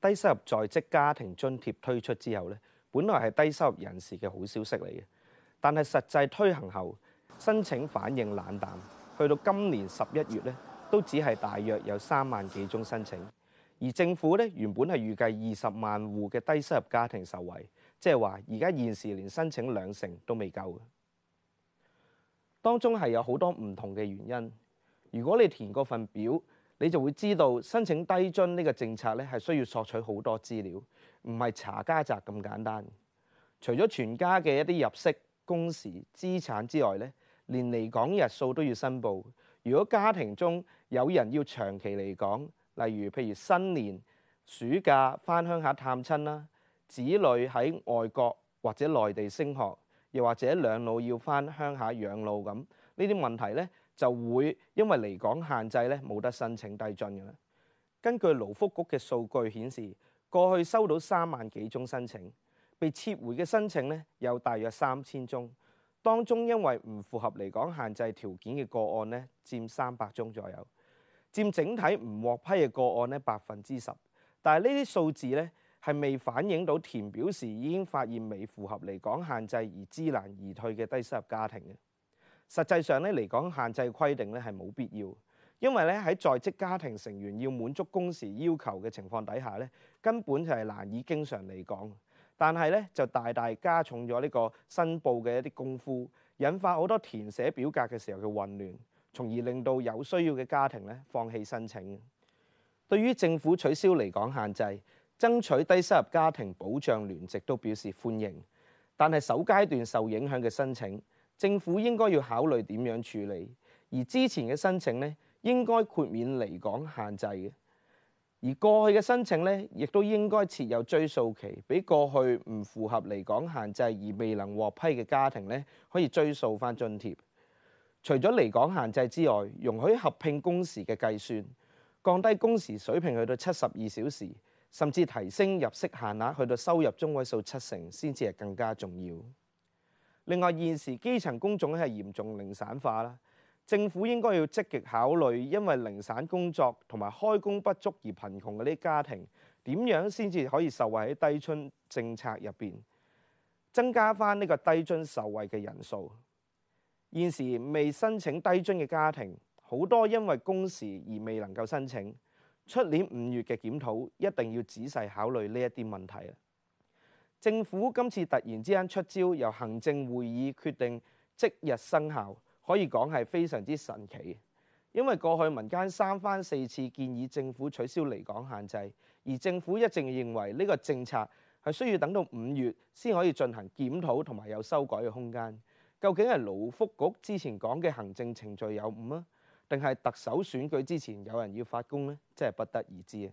低收入在職家庭津貼推出之後咧，本來係低收入人士嘅好消息嚟嘅，但係實際推行後，申請反應冷淡，去到今年十一月咧，都只係大約有三萬幾宗申請，而政府咧原本係預計二十萬戶嘅低收入家庭受惠，即係話而家現時連申請兩成都未夠嘅，當中係有好多唔同嘅原因。如果你填嗰份表，你就會知道申請低津呢個政策咧，係需要索取好多資料，唔係查家宅咁簡單。除咗全家嘅一啲入息、工時、資產之外咧，連離港日數都要申報。如果家庭中有人要長期離港，例如譬如新年、暑假翻鄉下探親啦，子女喺外國或者內地升學，又或者兩老要翻鄉下養老咁，呢啲問題咧。就會因為離港限制咧，冇得申請低津㗎喇。根據勞福局嘅數據顯示，過去收到三萬幾宗申請，被撤回嘅申請呢，有大約三千宗，當中因為唔符合離港限制條件嘅個案呢，佔三百宗左右，佔整體唔獲批嘅個案呢，百分之十。但係呢啲數字呢，係未反映到填表時已經發現未符合離港限制而知難而退嘅低收入家庭嘅。實際上咧，離港限制規定咧，係冇必要，因為咧喺在職家庭成員要滿足工時要求嘅情況底下咧，根本就係難以經常離港。但係咧，就大大加重咗呢個申報嘅一啲功夫，引發好多填寫表格嘅時候嘅混亂，從而令到有需要嘅家庭咧放棄申請。對於政府取消離港限制，爭取低收入家庭保障聯席都表示歡迎，但係首階段受影響嘅申請。政府應該要考慮點樣處理，而之前嘅申請咧應該豁免離港限制嘅，而過去嘅申請咧亦都應該設有追溯期，俾過去唔符合離港限制而未能獲批嘅家庭咧可以追溯翻津貼。除咗離港限制之外，容許合併工時嘅計算，降低工時水平去到七十二小時，甚至提升入息限額去到收入中位數七成，先至係更加重要。另外，現時基層工種咧係嚴重零散化啦，政府應該要積極考慮，因為零散工作同埋開工不足而貧窮嘅呢啲家庭，點樣先至可以受惠喺低津政策入邊，增加翻呢個低津受惠嘅人數。現時未申請低津嘅家庭，好多因為工時而未能夠申請。出年五月嘅檢討，一定要仔細考慮呢一啲問題。政府今次突然之間出招，由行政會議決定即日生效，可以講係非常之神奇。因為過去民間三番四次建議政府取消離港限制，而政府一直認為呢個政策係需要等到五月先可以進行檢討同埋有修改嘅空間。究竟係勞福局之前講嘅行政程序有誤啊，定係特首選舉之前有人要發功咧？真係不得而知啊！